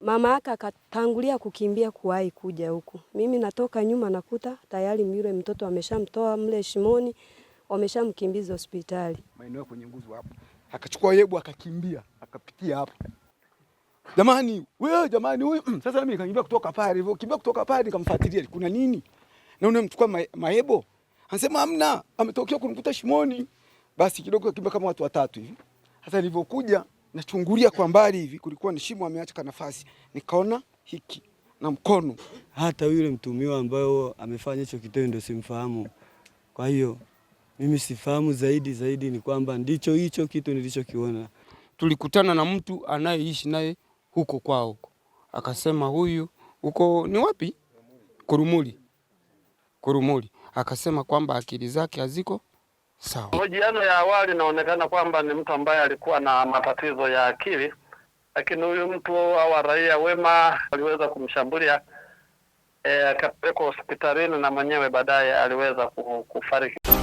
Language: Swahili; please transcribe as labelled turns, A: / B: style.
A: Mama aka akatangulia kukimbia kuwahi kuja huku. Mimi natoka nyuma nakuta tayari yule mtoto ameshamtoa mle shimoni, wameshamkimbiza hospitali.
B: Maeneo kwenye nguzo hapo. Akachukua yebu akakimbia, akapitia hapo. Jamani, wewe jamani wewe. Mm, sasa mimi nikakimbia kutoka pale hivyo, kimbia kutoka pale nikamfuatilia kuna nini? Na unamchukua ma maebo. Anasema amna, ametokea kunikuta shimoni. Basi kidogo kimbia kama watu watatu hivi. Sasa nilivyokuja nachungulia kwa mbali hivi, kulikuwa ni shimo ameacha ka nafasi, nikaona hiki na mkono.
C: Hata yule mtumiwa ambayo amefanya hicho kitendo simfahamu, kwa hiyo mimi sifahamu. Zaidi zaidi ni kwamba ndicho hicho kitu nilichokiona.
D: Tulikutana na mtu anayeishi naye huko kwao huko, akasema huyu huko ni wapi? Kurumuli, Kurumuli, akasema kwamba akili zake haziko Sawa.
E: Mahojiano ya awali inaonekana kwamba ni mtu ambaye alikuwa na matatizo ya akili, lakini huyu mtu awa raia wema aliweza kumshambulia eh, akapelekwa e, hospitalini na mwenyewe baadaye aliweza kufariki.